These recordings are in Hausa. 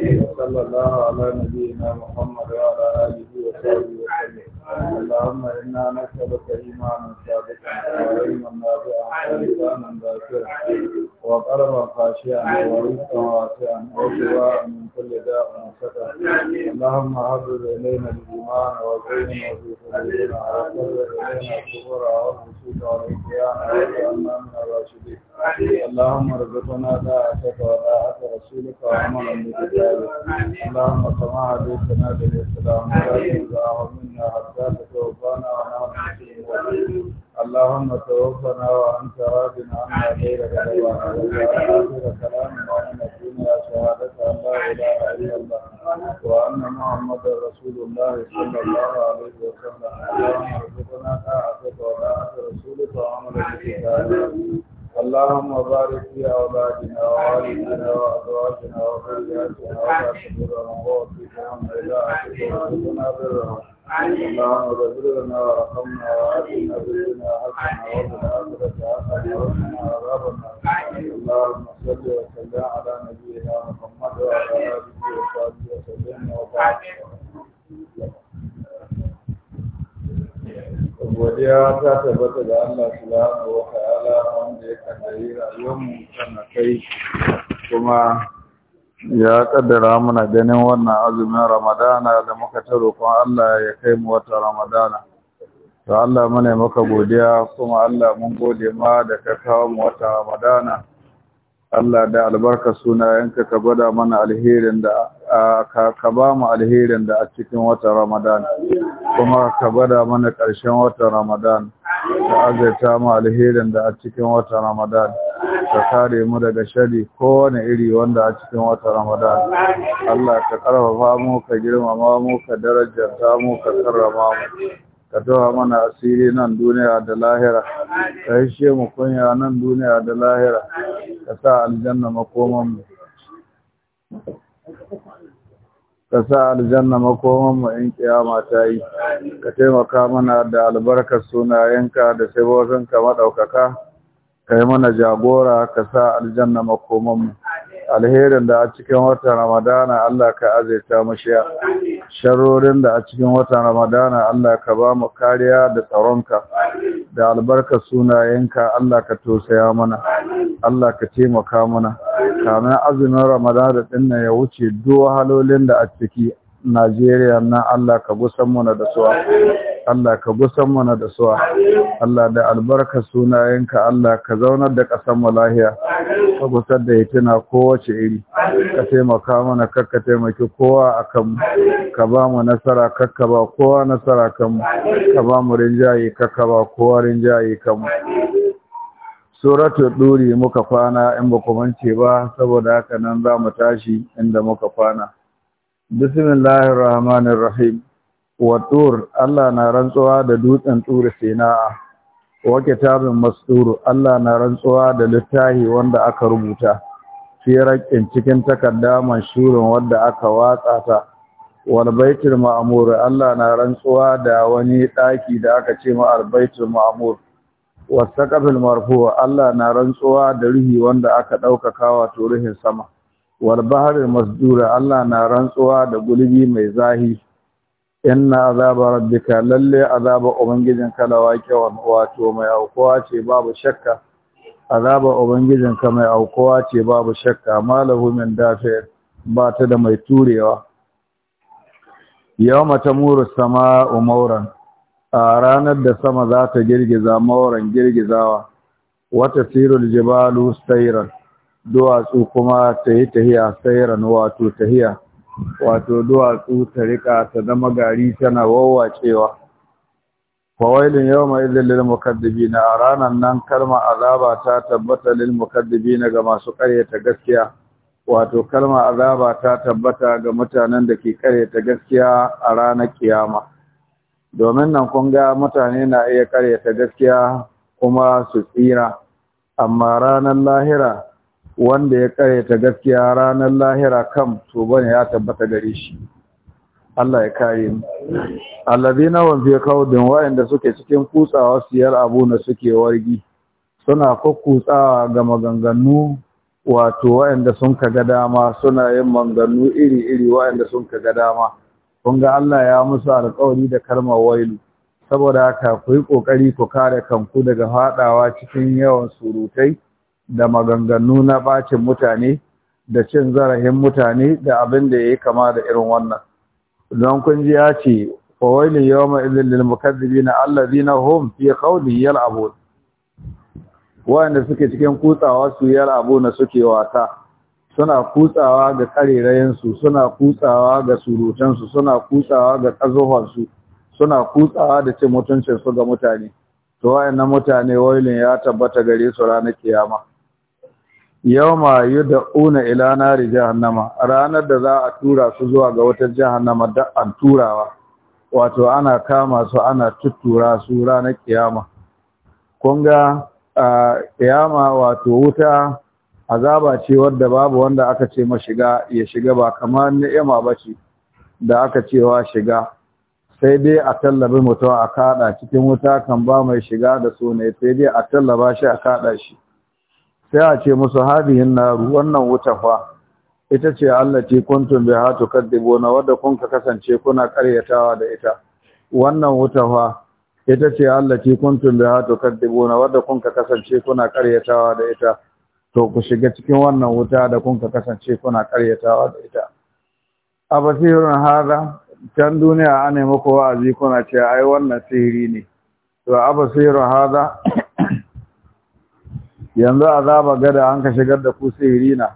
وصلى الله على نبينا محمد وعلى آله وصحبه وسلم اللهم إنا نسألك إيمانا ثابتا وعلما نافعا ولسانا ذاكرا وقلبا خاشعا ورزقا واسعا وشفاء من كل داء وسكر اللهم حبب إلينا الإيمان وزينه في قلوبنا وقرب إلينا الكفر والفسوق والعصيان واجعلنا من الراشدين اللهم ارزقنا طاعتك وطاعة رسولك وعملا بكتابك اللهم كما هديتنا بالإسلام ولا تنزعه منا حتى حتى تتوفانا اللهم توفنا وانت راض عنا غيرك رضوان اخر كلامنا ان الدنيا شهاده ان لا اله الا الله وان محمد رسول الله صلى الله عليه وسلم اللهم ارزقنا طاعتك وطاعه رسولك وعملا بكتابك اللهم بارك في اولادنا ووالدنا وازواجنا وذرياتنا ولا وفي واوفقهم الى اخره وارزقنا برهم nawa godiya ta tabbata da Allah subhanahu wa ta'ala wanda ya kaddare rayuwar mu kan kai kuma ya kaddara mana ganin wannan azumin ramadana da muka ta roƙon Allah ya kai mu wata ramadana to Allah muna maka godiya kuma Allah mun gode ma da ka kawo mu wata ramadana Allah da albarka sunayenka ka gwada mana alherin da ka ba mu alherin da a cikin wata Ramadana, kuma ka gwada mana ƙarshen wata Ramadana, ka azaita mu alherin da a cikin wata Ramadana. ka kare mu daga shari kowane iri wanda a cikin wata ramadan Allah ka karfafa mu ka girmama mu ka darajarta mu ka karrama mu ka tawa mana asiri nan duniya da lahira ka hishe mu kunya nan duniya da lahira ka sa aljanna makoman mu ka sa aljanna makoman mu in kiyama ta yi ka taimaka mana da albarkar sunayenka da ka madaukaka kai mana jagora ka sa aljanna makoman mu alherin da a cikin watan ramadana Allah ka azaita mashiya sharorin da a cikin watan ramadana Allah ka ba mu kariya da tsaronka da albarka sunayenka Allah ka tosaya mana Allah ka taimaka mana kamin azumin ramadana din nan ya wuce duk halolin da a ciki Najeriya na Allah ka gusan mu da suwa Allah ka gusan mana da suwa Allah da albarka sunayenka Allah ka zaunar da ƙasar malahiya, lahiya ka gusar da hitina kowace iri ka taimaka mana kakka taimaki kowa a kanmu, ka ba mu nasara kakka ba kowa nasara kanmu, ka ba mu rinjaye kakka ba kowa rinjaye kanmu. suratu duri muka kwana in ba ku mance ba saboda haka nan za mu tashi inda muka kwana bismillahir rahmanir rahim Wadur, Allah na rantsuwa da dutsen turi sina'a wa kitabin Masturu, Allah na rantsuwa da littahi wanda aka rubuta fi cikin takarda manshurin wanda aka watsa ta wal baitul ma'mur Allah na rantsuwa da wani daki da aka ce ma al baitul ma'mur was marfu Allah na rantsuwa da ruhi wanda aka daukaka wato ruhin sama wal bahril masdura Allah na rantsuwa da gulbi mai zahiri. inna azaba rabbika lalle azaba ubangijin ka lawake wato mai aukuwa ce babu shakka azaba ubangijin ka mai aukuwa ce babu shakka malahu min dafi ba ta da mai turewa yawma tamuru sama'u mauran a ranar da sama za ta girgiza mauran girgizawa wata sirul jibalu sairan duwatsu kuma ta yi tahiya sairan wato tahiya wato duwatsu ta rika ta zama gari tana wawacewa fawailun yawma idhil lil A ranar nan kalma azaba ta tabbata lil na ga masu karyata gaskiya wato kalma azaba ta tabbata ga mutanen da ke karyata gaskiya a ranar kiyama domin nan kun ga mutane na iya karyata gaskiya kuma su tsira amma ranar lahira wanda ya ta gaskiya ranar lahira kan to bane ya tabbata gare shi Allah ya kare mu allazina wa fi qawdin suke cikin kutsawa siyar abu na suke wargi suna kukkutsawa ga maganganu wato wa'anda sun kaga dama suna yin maganganu iri-iri wa'anda sun kaga dama kun ga Allah ya musu alƙawari da karma wailu saboda haka ku yi ƙoƙari ku kare kanku daga faɗawa cikin yawan surutai da maganganu na bacin mutane da cin zarafin mutane da abin da ya yi kama da irin wannan don kun ji ya ce fawailin ma izin lilmukadzibi na allazi na hom fiye kauli abu wanda suke cikin kutsawa su abu na suke wata suna kutsawa ga karerayensu suna kutsawa ga surutansu suna kutsawa ga ƙazofansu suna kutsawa da cin mutuncinsu ga mutane to na mutane wailin ya tabbata gare su ranar kiyama yawma yud'una ila nari jahannama ranar da za a tura su zuwa ga wata jahannama da an turawa wato ana kama su ana tuttura su ranar kiyama kunga kiyama wato wuta azaba ce wadda babu wanda aka ce shiga ya shiga ba kamar ni'ima bace da aka cewa shiga sai dai a tallabi mutum a kaɗa, cikin wuta kan ba mai shiga da so sai dai a tallaba shi a kaɗa shi sai a ce musu hadihin naru wannan wuta fa ita ce Allah ce kuntum biha tukadibuna wadda kun ka kasance kuna karyatawa da ita wannan wuta fa ita ce Allah ce kuntum biha tukadibuna wadda kun ka kasance kuna karyatawa da ita to ku shiga cikin wannan wuta da kun ka kasance kuna karyatawa da ita a basirin hada can duniya ne muku wa'azi kuna cewa ai wannan sihiri ne to a basirin hada yanzu azaba gada an ka shigar da ku sihirina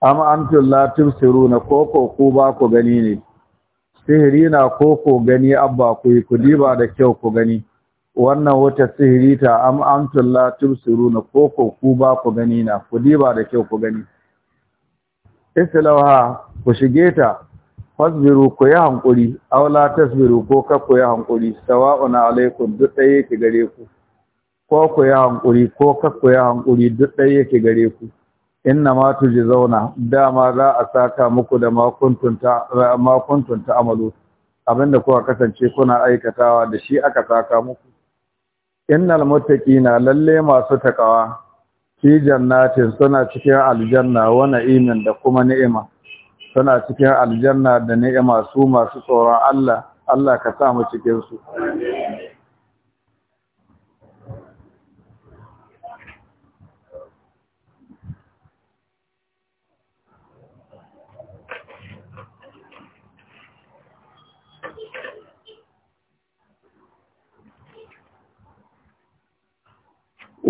am antum la tubsiruna koko ku ba ku gani ne sihirina koko gani abba ku yi ku diba da kyau ku gani wannan wata sihirita am antum la tubsiruna koko ku ba ku gani na ku diba da kyau ku gani islauha ku shige ta fasbiru ku yi hankuri aw la tasbiru ko ka ku yi hankuri sawa'un alaikum duk ɗaya ki gare ku ko ku yi hankuri ko kar ku yi hankuri duk ɗaya yake gare ku inna ma tuji zauna dama za a saka muku da makuntun ta abinda kuka kasance kuna aikatawa da shi aka saka muku innal muttaqina lalle masu takawa fi jannatin suna cikin aljanna wa na'imin da kuma ni'ima suna cikin aljanna da ni'ima su masu tsoron Allah Allah ka sa mu cikin su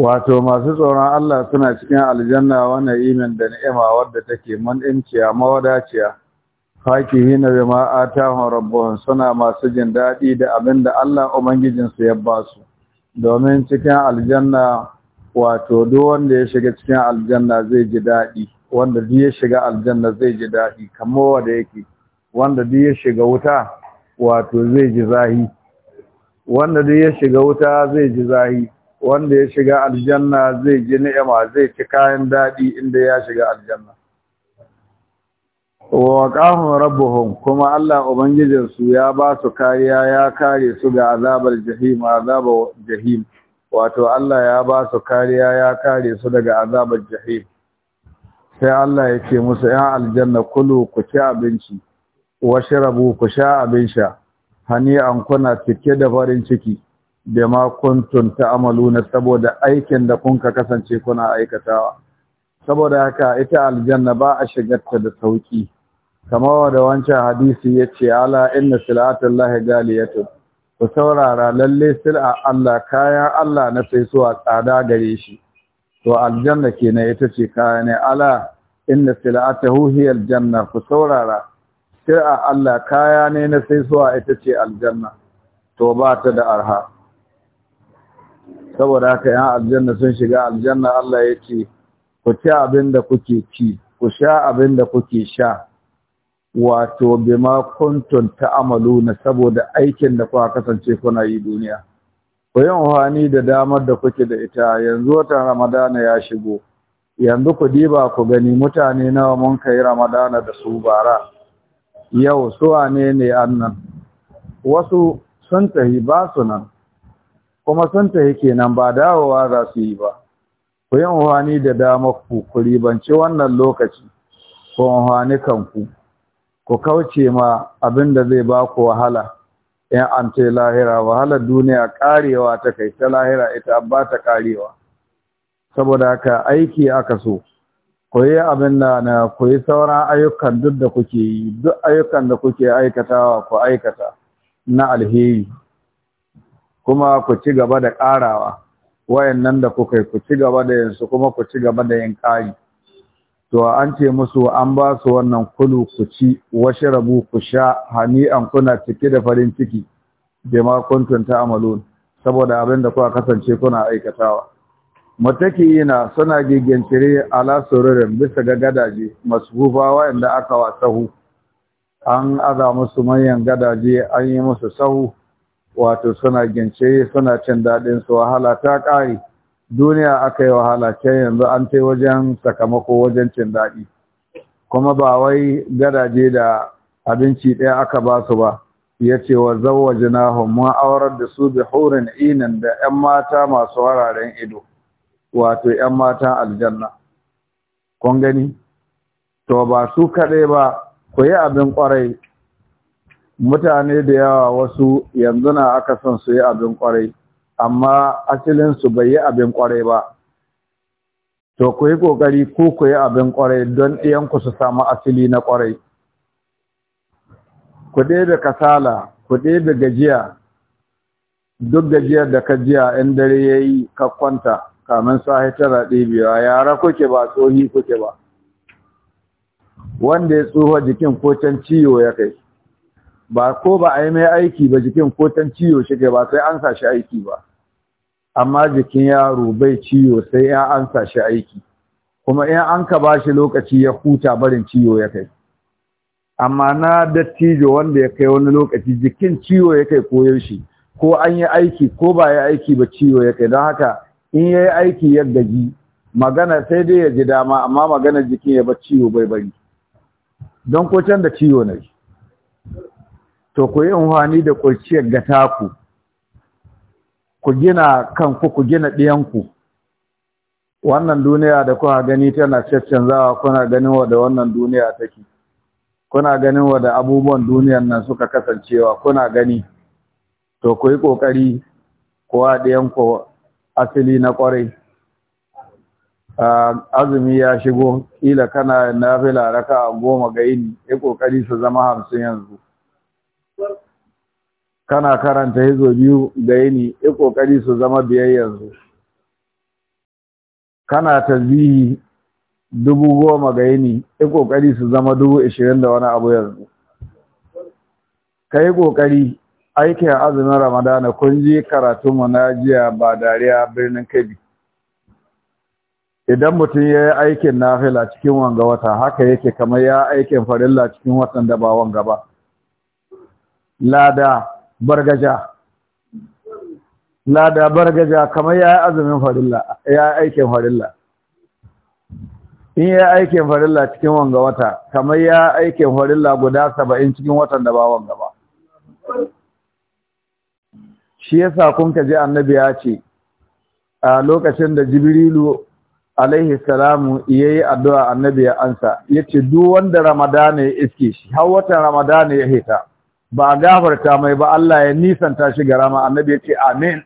wato masu tsoron Allah suna cikin aljanna wannan imin da ni'ima wadda take mun'imciya mawadaciya fakihina bima atahum rabbuhum suna masu jin daɗi da abinda Allah ubangijin su ya ba su domin cikin aljanna wato duk wanda ya shiga cikin aljanna zai ji daɗi wanda duk ya shiga aljanna zai ji daɗi kamar wanda yake wanda duk ya shiga wuta wato zai ji zahi wanda duk ya shiga wuta zai ji zahi wanda ya shiga aljanna zai ji ni'ima zai ci kayan daɗi inda ya shiga aljanna wa qahum rabbuhum kuma Allah ubangijin su ya ba su kariya ya kare su ga azabar jahim azabar jahim wato Allah ya ba su kariya ya kare su daga azabar jahim sai Allah ya ce musu ya aljanna kulu ku ci abinci washrabu ku sha abin sha hani an kuna cike da farin ciki da ma kuntum ta'maluna saboda aikin da kun ka kasance kuna aikatawa saboda haka ita aljanna ba a shigarta da sauki kamar da wancan hadisi yace ala inna silatullahi galiyatun ku saurara lalle sil'a Allah kayan Allah na sai suwa tsada gare shi to aljanna kenan ita ce kayan ala inna sil'atahu hiya aljanna ku saurara sil'a Allah kaya ne na sai suwa ita ce aljanna to ba ta da arha saboda haka yan aljanna sun shiga aljanna Allah ya ce ku ci abin da kuke ci ku sha abin da kuke sha wato bima kuntum ta'maluna saboda aikin da kuka kasance kuna yi duniya ku yi amfani da damar da kuke da ita yanzu watan ramadana ya shigo yanzu ku diba ku gani mutane nawa mun kai ramadana da su bara yau su wanene ne annan wasu sun tahi ba su nan kuma sun tafi kenan ba dawowa za su yi ba ku yi amfani da damar ku ku ribanci wannan lokaci ku amfani kanku ku kauce ma abin da zai ba ku wahala in an ce lahira wahalar duniya ƙarewa ta kai ta lahira ita ba ta karewa saboda ka aiki aka so ku yi abin da na ku yi sauran ayyukan duk da kuke yi duk ayyukan da kuke aikatawa ku aikata na alheri kuma ku ci gaba da ƙarawa wayannan da kuka yi ku ci gaba da yansu kuma ku ci gaba da yin ƙari to an ce musu an ba su wannan kulu ku ci washarabu ku sha hani'an kuna cike da farin ciki kuntun ta ta'malun saboda abin da kuka kasance kuna aikatawa matakiyina suna gigincire ala sururin bisa ga gadaje masbufa wayanda aka wa sahu an aza musu manyan gadaje an yi musu sahu wato suna gince suna cin daɗin su wahala ta ƙari, duniya aka yi wahala ce yanzu an ta wajen sakamako wajen cin daɗi kuma ba wai gadaje da abinci ɗaya aka ba su ba ya ce wa na mun aurar da su bi hurin inan da 'yan mata masu wararen ido wato 'yan mata aljanna kun gani to ba su kaɗai ba ku yi abin ƙwarai mutane da yawa wasu yanzu na aka son su yi abin kwarai amma asalin su bai yi abin kwarai ba to ku yi kokari ku ku yi abin kwarai don ku su samu asali na kwarai ku ɗebe kasala ku da gajiya duk gajiyar da ka jiya in dare ya yi ka kwanta kamin sahi tara ɗebewa yara kuke ba tsohi kuke ba wanda ya tsuha jikin ko can ciwo ya kai ba ko ba a yi mai aiki ba jikin ko tan ciwo shi ke, ba sai an sa shi aiki ba amma jikin yaro bai ciwo sai ya an sa shi aiki kuma in an ka ba shi lokaci ya huta barin ciwo ya kai amma na dattijo wanda ya kai wani lokaci jikin ciwo ya kai koyar shi ko an yi aiki ko ba ya aiki ba ciwo ya kai don haka in ya yi aiki ya gaji magana sai dai ya ji dama amma magana jikin ya ba ciwo bai bari don ko can da ciwo na shi to ku yi amfani da kurciyar ga taku ku gina kanku ku gina ɗiyanku wannan duniya da kuna gani tana caccanzawa kuna ganin wa da wannan duniya take kuna ganin wa da abubuwan duniyan nan suka kasancewa kuna gani to ku yi ƙoƙari kuwa ɗiyanku asili na ƙwarai azumi ya shigo ƙila kana nafila raka goma ga yini yi ƙoƙari su zama hamsin yanzu kana karanta hizo biyu ga yini yi kokari su zama biyayyar su kana tasbihi dubu goma ga yini yi kokari su zama dubu ishirin da wani abu yanzu ka yi kokari aikin azumin ramadana kun ji karatunmu na jiya ba dariya birnin kebbi idan mutum ya yi aikin nafila cikin wanga wata haka yake kamar ya aikin farilla cikin watan da ba wanga ba lada bargaja lada bargaja kamar ya yi azumin farilla ya aikin farilla in ya aikin farilla cikin wanga wata kamar ya aikin farilla guda saba'in cikin watan da ba wanga ba shi yasa kun ka ji annabi ya ce a lokacin da jibrilu alaihi salamu yayi addu'a annabi ya ansa yace duk wanda ramadana ya iske shi har watan ramadana ya hita ba gafarta mai ba Allah ya nisanta shi garama annabi ya ce amin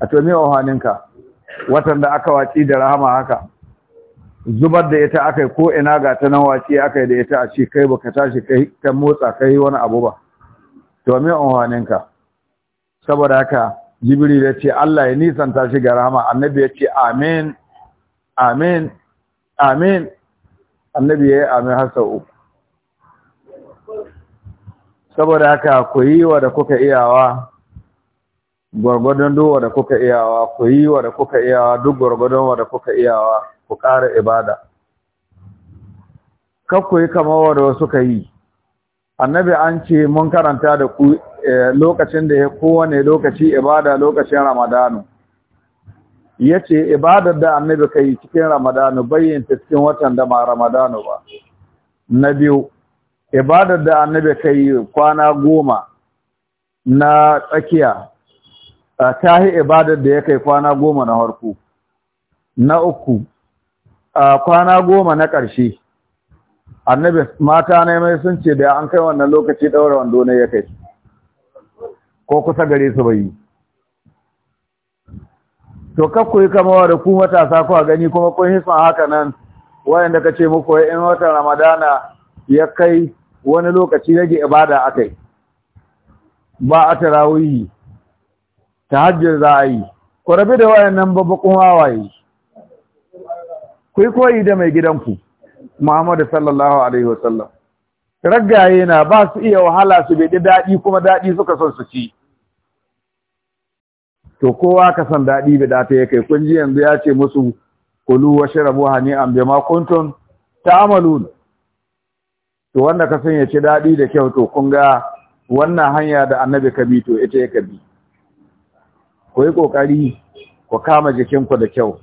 a to me ohaninka watan da aka waci da rahama haka zubar da ita akai ko ina ga ta nan waci akai da ita a ce kai baka tashi kai ta motsa kai wani abu ba to me ohaninka saboda haka jibril ya ce Allah ya nisanta shi garama annabi ya ce amin amin amin annabi ya yi amin har sau uku saboda haka ku yi wa da kuka iyawa gwargwadon duwa da kuka iyawa ku yi wa da kuka iyawa duk gwargwadon wa da kuka iyawa ku ƙara ibada kakku yi kamar wa da wasu ka yi annabi an ce mun karanta da ku eh, lokacin da ya kowane lokaci ibada lokacin ramadanu ya ce ibadar da annabi ka yi cikin ramadanu bayyanta cikin watan da ma ramadanu ba na biyu ibadar da annabi ka yi kwana goma na tsakiya ta yi ibadar da ya kai kwana goma na harku na uku kwana goma na ƙarshe annabi mata na mai sun ce da an kai wannan lokaci ɗaura wando na ya kai ko kusa gare su bai yi to kakku yi kama da ku matasa kuwa gani kuma kun hisman haka nan wayanda ka ce muku in watan ramadana ya kai wani lokaci rage ibada akai ba a tarawihi tahajjud za a yi ku rabi da wayannan babbakun hawaye ku yi koyi da mai gidanku Muhammadu sallallahu alaihi wasallam raggaye na ba su iya wahala su bai daɗi kuma daɗi suka son su ci to kowa ka san daɗi da data ya kai kun ji yanzu ya ce musu kulu wa shrabu hani'an bima kuntum ta'malun to wanda ka san ya ci daɗi da kyau to kun ga wannan hanya da annabi ka bi to ita ya kabi. bi ku yi ƙoƙari ku kama jikinku da kyau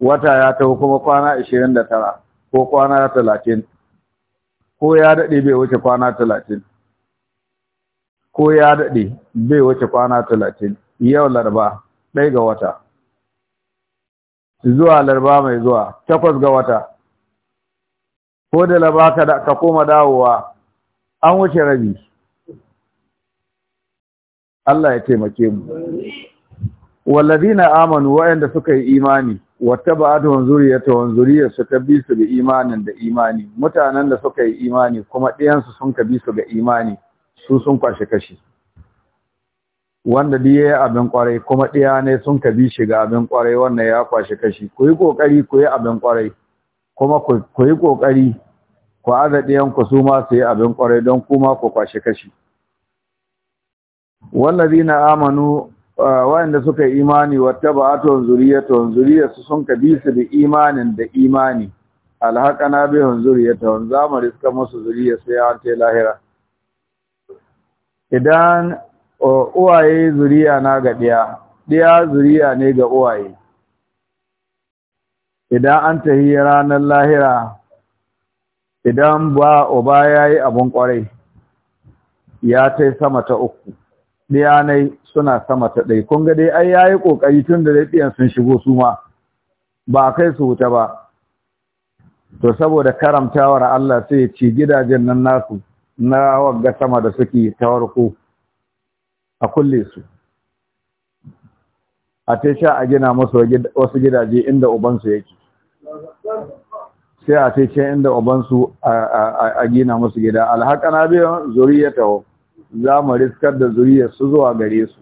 wata ya ta kuma kwana ashirin da tara ko kwana talatin ko ya daɗe bai wuce kwana talatin ko ya daɗe bai wuce kwana talatin yau laraba ɗaya ga wata zuwa laraba mai zuwa takwas ga wata ko da labaka da ka koma dawowa an wuce rabi Allah ya taimake mu wallazina amanu wa'anda suka yi imani wattaba'atuhum zurriyatuhum zurriyatu tabbi su da imanin da imani mutanen da suka yi imani kuma ɗiyansu sun kabi su ga imani su sun kwashe kashi wanda duk yayi abin kwarai kuma ɗiya ne sun kabi shi ga abin kwarai wannan ya kwashe kashi ku yi kokari ku yi abin kwarai kuma ku yi ƙoƙari ku aza ɗiyanku su ma su yi abin ƙwarai don kuma ku kwashe kashi wallazi na amanu wayanda suka yi imani wata ba a tuwon zuriya su sun ka bi su da imanin da imani na hun zuriya zuriyatuwan za mu suka musu zuriyarsu an ce lahira idan uwaye zuriya na ga ɗiya ɗiya zuriya ne ga uwaye idan an tahi ranar lahira idan ba oba ya yi abin kwarai ya ta sama ta uku ɗiyanai suna sama ta ɗai kun dai ai ya yi ƙoƙari tun da ɗiyan sun shigo su ma ba a kai su wuta ba to saboda karamtawar Allah sai ya ci gidajen nan nasu na wagga sama da suke ta warko a kulle su a ta sha a gina masu wasu gidaje inda ubansu yake sai a ce inda ubansu a gina musu gida alhaƙana biyan tawo. za mu riskar da zuriyarsu zuwa gare su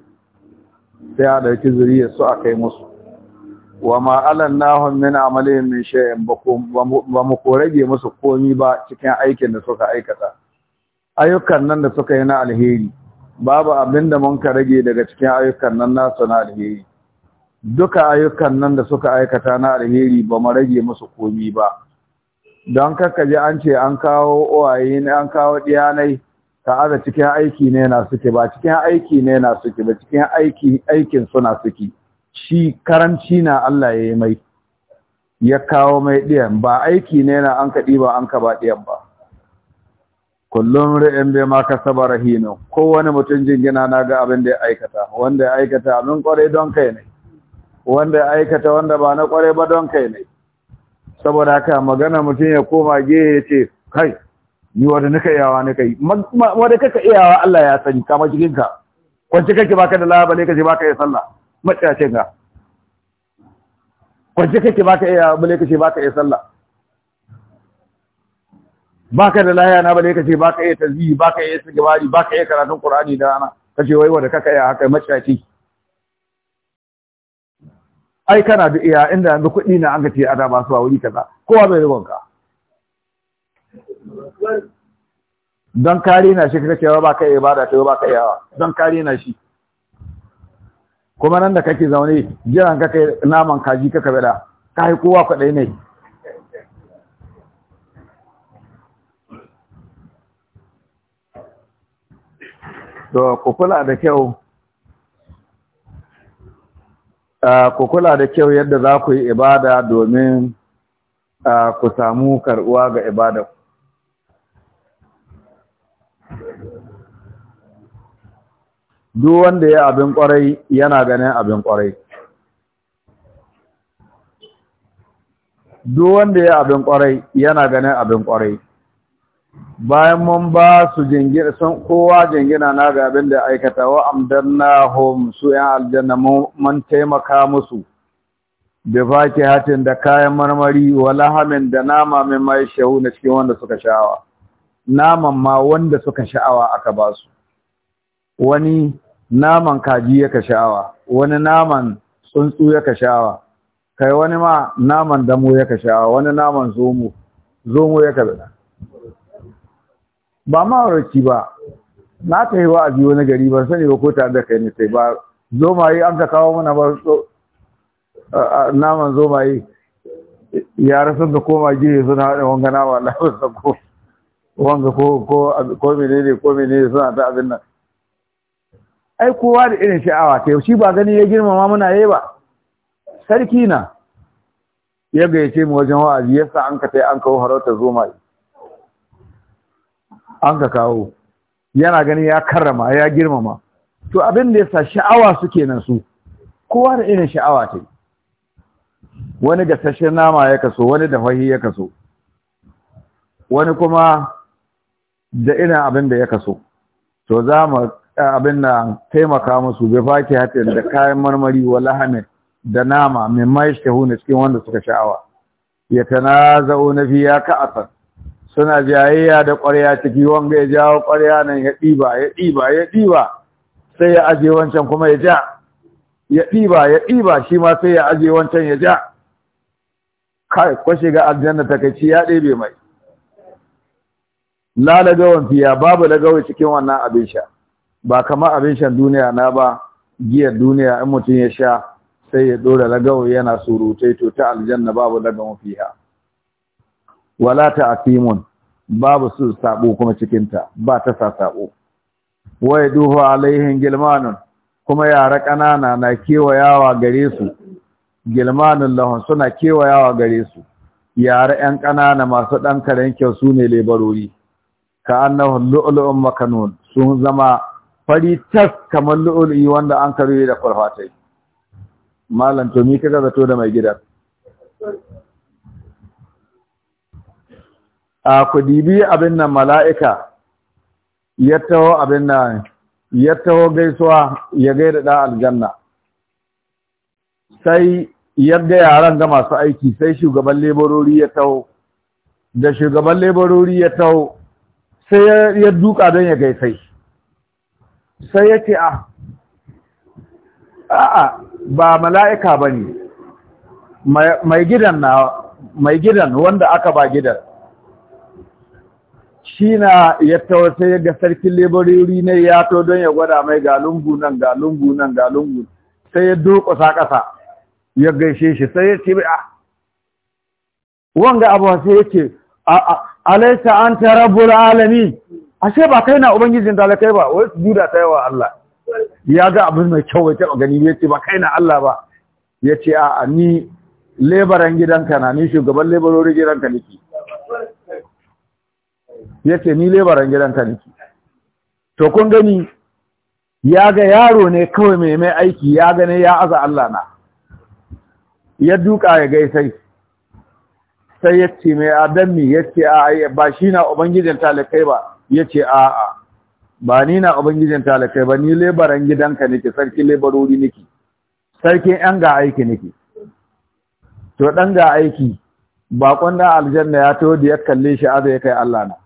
sai a ɗauki zuriyarsu a kai musu wa ma'alan nahun min amalin min shay'in ba mu rage musu komi ba cikin aikin da suka aikata ayyukan nan da suka yi na alheri babu abin da mun ka rage daga cikin ayyukan nan nasu na alheri duka ayyukan nan da suka aikata na alheri ba mu rage musu komi ba don ji an ce an kawo uwaye ne an kawo diyanai ka aza cikin aiki ne na suke ba cikin aiki ne na suke ba cikin aiki aikin suna suke shi karanci na Allah ya yi mai ya kawo mai diyan ba aiki ne na an kaɗi ba an kaba diyan ba kullum ri'in bai ma ka saba rahino ko mutum jingina na ga abin da ya aikata wanda ya aikata abin kwarai don kai ne wanda ya aikata wanda ba na kware ba don kai ne saboda haka magana mutum ya koma gehe ya ce kai ni wanda nika iyawa nika yi wanda kaka iyawa Allah ya sani kama cikin ka kwanci kake baka da ne kace baka yi sallah matsayacin ka kwanci kake baka iya bale kace baka yi sallah baka da laya na bale kace baka yi tazi baka yi istighfari baka yi karatun qur'ani da ana kace wai wanda kaka iya haka matsayaci ai kana da iya inda yanzu kuɗi na an ga ce ana ba su a wuri kaza kowa bai rubon ka don kare na shi kake cewa ba ka ibada ta ba ka yawa don kare na shi kuma nan da kake zaune jiran kaka naman kaji kaka bada ka yi kowa kwaɗai ne to ku kula da kyau ku kula da kyau yadda za ku yi ibada domin ku samu karɓuwa ga ibada duk wanda ya abin ƙwarai yana ganin abin ƙwarai duk wanda ya abin ƙwarai yana ganin abin ƙwarai bayan mun ba su jingina sun kowa jingina na ga abin da aikata wa hum su yan aljanna mun taimaka musu da baki hatin da kayan marmari wa lahamin da nama mai mai shahu na cikin wanda suka sha'awa naman ma wanda suka sha'awa aka ba su wani naman kaji yaka sha'awa wani naman tsuntsu yaka sha'awa kai wani ma naman damo yaka sha'awa wani naman zomo zomo yaka bada ba ma'aurarci ba na ta yi wa'azi wani gari ban sani ba ko tare da kai ne sai ba zomaye an ta kawo mana ba naman zomaye ya sun da koma gini suna wani wanga nama na wasa ko wanga ko ko menene ko menene suna ta abin nan ai kowa da irin sha'awa ta shi ba gani ya girmama muna yi ba sarki na ya gayyace mu wajen wa'azi yasa an ka tai an kawo harauta zomaye an ka kawo yana gani ya karrama ya girmama to abin da yasa sha'awa suke nan su kowa da irin sha'awa ta wani gasasshen nama ya kaso wani da fahi ya kaso wani kuma da irin abin da ya kaso to za mu eh, abin da taimaka musu bai faki hatin da kayan marmari wa lahamin da nama mai mai shahuna cikin wanda suka sha'awa ya tana za'o na fiya ka'asar suna jayayya da ƙwarya ciki wanga ya jawo ƙwarya nan ya ɗiba ya ɗiba ya ɗiba sai ya aje wancan kuma ya ja ya ɗiba ya ɗiba shi ma sai ya aje wancan ya ja kai ko shiga aljanna takaici ya ɗebe mai la lagawan fiya babu lagawa cikin wannan abin sha ba kamar abin shan duniya na ba giyar duniya in mutum ya sha sai ya ɗora lagawa yana surutai to ta aljanna babu lagawan fiya wala ta'timun babu su sabo kuma cikin ta ba ta sa sabo waya duhu alaihin gilmanun kuma yara ƙanana na kewayawa gare su gilmanun lahun suna kewayawa gare su yara 'yan ƙanana masu ɗan karen kyau su ne lebarori ka annahu lu'lu'un makanun sun zama fari tas kamar lu'lu'i wanda an karuwe da kwarfatai malam to ni kaga zato da mai gidan a ku dibi abin nan mala'ika ya taho abin nan ya taho gaisuwa ya gaida da aljanna sai yadda yaran ga masu aiki sai shugaban lebarori ya taho da shugaban lebarori ya taho sai ya duka don ya gaisai sai ya ce a ah, a'a ba mala'ika ba ne mai gidan na mai gidan wanda aka ba gidan shi na ya tausaye ga sarkin lebarori ne ya to don ya gwada mai ga lungu nan ga lungu nan ga lungu sai ya sa ƙasa ya gaishe shi sai ya ce a ah, wanga abu wasu ya ce alaisa an ta rabbul alami ashe ba kai na ubangijin talakai ba wasu duda ta yawa Allah ya ga abin mai kyau ya taɓa gani ya ce ba kai na Allah ba ya ce a ni lebaran gidanka na ni shugaban lebarorin gidanka nake yace ni lebaran gidanka niki? to kun gani ya ga yaro ne kawai mai mai aiki ya gane ya aza Allah na ya duka ya gaisai sai ya ce mai adami ya ce a ba shi na ubangijin talakai ba ya ce a a ba ni na ubangijin talakai ba ni lebaran gidanka nake sarki lebarori nake sarkin yan ga aiki nake to dan ga aiki bakon da aljanna ya taho da ya kalle shi aza ya kai Allah na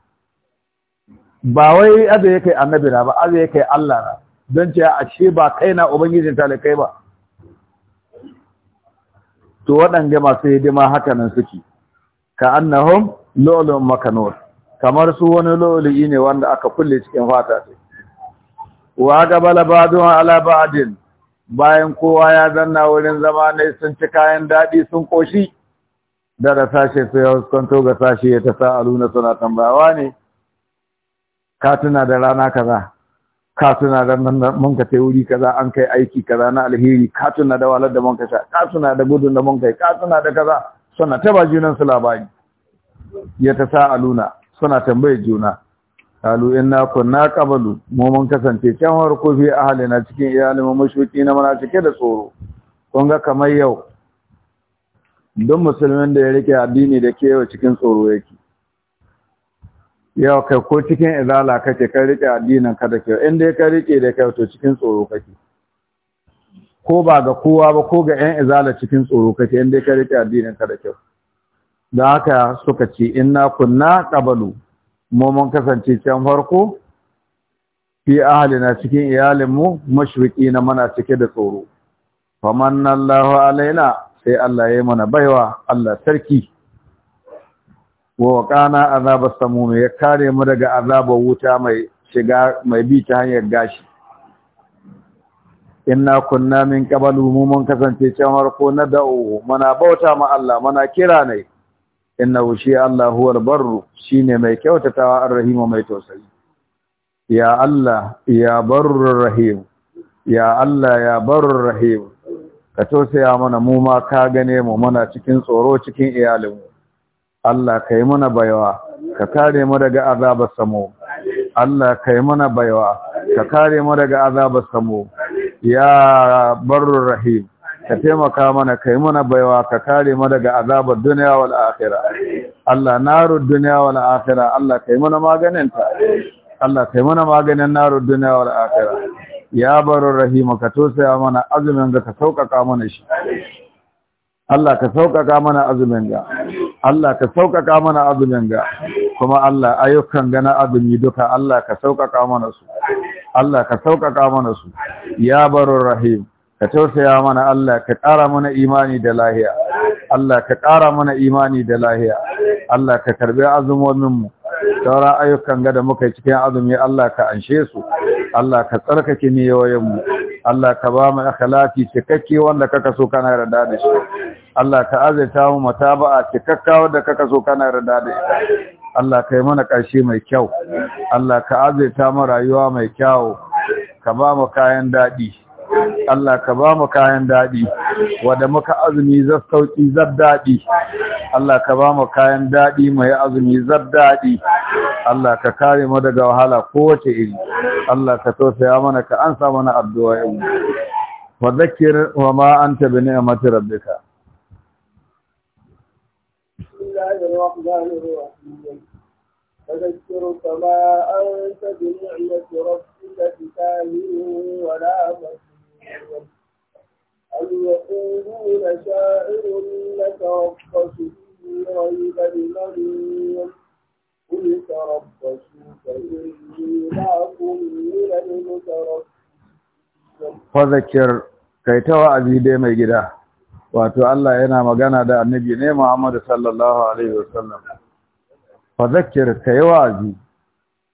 ba wai aza ya kai annabi na ba aza ya kai Allah na don ce ba kai na ubangijin talakai ba to waɗanda masu hidima haka nan suke ka annahum lo'olon makanor kamar su wani lo'oli ne wanda aka kulle cikin fata ce wa gabala badun ala ba'din bayan kowa ya zanna wurin zama ne sun ci kayan daɗi sun koshi da da sashe sai ya huskanto ga sashe ya ta sa'alu na suna tambawa ne ka tuna da rana kaza ka tuna da mun ka tai wuri kaza an kai aiki kaza na alheri ka tuna da walar da mun ka sha ka tuna da gudun da mun kai ka tuna da kaza suna ta ba junan su labari ya ta sa aluna suna tambayar juna kalu inna kunna qabalu mu mun kasance can harko fi na cikin iyalin mashwiki na mana cike da tsoro kun ga kamar yau don musulmin da ya rike addini da kewa cikin tsoro yake yau kai ko cikin izala kake kai rike addinin ka da kyau inda dai rike da kyau to cikin tsoro kake ko ba ga kowa ba ko ga ƴan izala cikin tsoro kake inda dai rike addinin ka da kyau da haka suka ce inna kunna qabalu mu mun kasance can farko fi na cikin mu iyalinmu na mana cike da tsoro famanna Allahu alaina sai Allah ya yi mana baiwa Allah sarki wa waqana azabar mai ya kare mu daga azabar wuta mai shiga mai bi ta hanyar gashi inna kunna min ƙabalu mu mun kasance can harko na da'u mana bauta ma Allah mana kira ne Inna shi Allah huwal barru shine mai kyautatawa rahima mai tausayi ya Allah ya barrur rahim ya Allah ya barrur rahim ka tausaya mana mu ma ka gane mu muna cikin tsoro cikin iyalinmu Allah ka yi mana baiwa ka kare mu daga azabar samu Allah ka yi mana baiwa ka kare mu daga azabar samu ya barur rahim ka taimaka mana ka yi mana baiwa ka kare mu daga azabar duniya wal akhirah Allah narud duniya wal akhirah Allah ka yi mana maganin ta Allah ka yi mana maganin narud duniya wal akhirah ya barur rahim ka tosa mana azumin da ka sauƙaƙa mana shi Allah ka sauƙaƙa mana azumin ga Allah ka sauƙaƙa mana azumin ga kuma Allah ayyukan gana azumi duka Allah ka sauƙaƙa mana su Allah ka sauƙaƙa mana su ya baro rahim ka tausaya mana Allah ka ƙara mana imani da lahiya Allah ka ƙara mana imani da lahiya Allah ka karɓi azumomin sauran ayyukan gada da muka cikin azumi Allah ka anshe su Allah ka tsarkake ne mu Allah ka ba mu akhlaki cikakke wanda kaka so kana yarda da shi Allah ka azaita mu mataba'a cikakka wanda kaka so kana yarda da shi. Allah ka yi mana ƙarshe mai kyau Allah ka azaita mu rayuwa mai kyau ka ba mu kayan daɗi Allah ka ba mu kayan daɗi wanda muka azumi zar sauƙi zar daɗi Allah ka ba mu kayan daɗi mai azumi zar daɗi Allah ka kare mu daga wahala kowace iri Allah ka tausaya mana ka ansa mana addu'a yau wa zakir wa ma anta bi ni'mati rabbika فذكرك ما أنت بنعمة ربك بكاهن ولا مكين أم يقولون شاعر نتربص به ريب قل تربصوا فإني معكم من المتربصين فذكر kai ta wa'azi dai mai gida wato Allah yana magana da annabi ne Muhammadu sallallahu alaihi wasallam fa zakkir kai wa'azi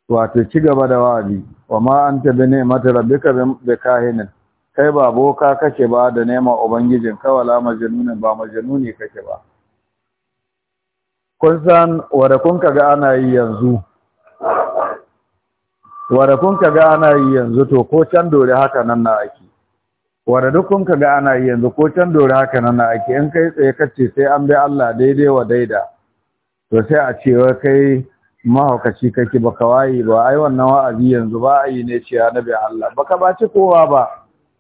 wato ci gaba da wa'azi wa ma anta bi mata rabbika bi kahinin kai ba boka kake ba da nema ubangijin kawala majanunin ba majanuni kake ba kun san wada kun kaga ana yi yanzu wada kun kaga ana yi yanzu to ko can dore haka nan na ake wada duk kun kaga ana yi yanzu ko can dore haka nan na ake in kai tsaye kace sai an bi Allah daidai wa daida to sai a cewa kai mahaukaci kake baka wayi ba ai wannan wa'azi yanzu ba a yi ne na annabi Allah baka baci kowa ba